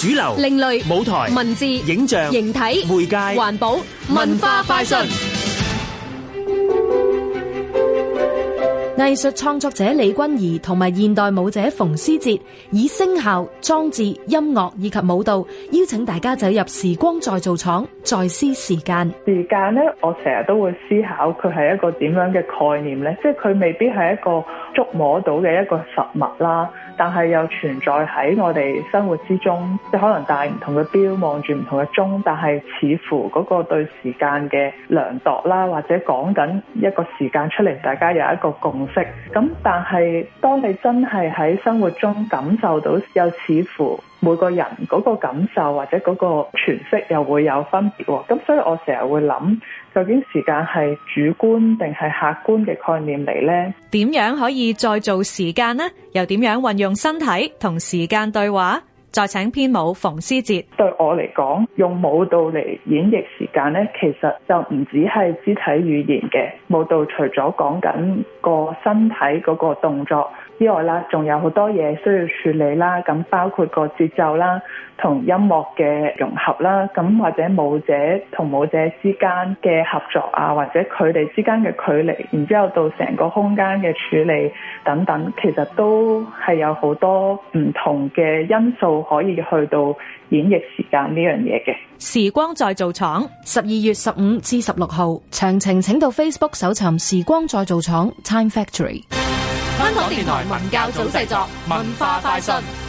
主流、另類舞台、文字、影像、形體、媒介、環保、文化快訊。藝術創作者李君儀同埋現代舞者馮思哲，以聲效、裝置、音樂以及舞蹈，邀請大家走入時光再造廠，再思時間。時間呢，我成日都會思考，佢係一個點樣嘅概念呢？即係佢未必係一個觸摸到嘅一個實物啦。但係又存在喺我哋生活之中，即可能戴唔同嘅表，望住唔同嘅鐘，但係似乎嗰個對時間嘅量度啦，或者講緊一個時間出嚟，大家有一個共識。咁但係當你真係喺生活中感受到，又似乎。每個人嗰個感受或者嗰個詮釋又會有分別喎，咁所以我成日會諗，究竟時間係主觀定係客觀嘅概念嚟咧？點樣可以再造時間咧？又點樣運用身體同時間對話？再請編舞馮思哲，對我嚟講，用舞蹈嚟演繹時間咧，其實就唔止係肢體語言嘅舞蹈，除咗講緊個身體嗰個動作之外啦，仲有好多嘢需要處理啦。咁包括個節奏啦，同音樂嘅融合啦，咁或者舞者同舞者之間嘅合作啊，或者佢哋之間嘅距離，然之後到成個空間嘅處理等等，其實都係有好多唔同嘅因素。可以去到演繹時間呢樣嘢嘅時光再造廠，十二月十五至十六號，詳情請到 Facebook 搜尋時光再造廠 Time Factory。香港電台文教組製作，文化快訊。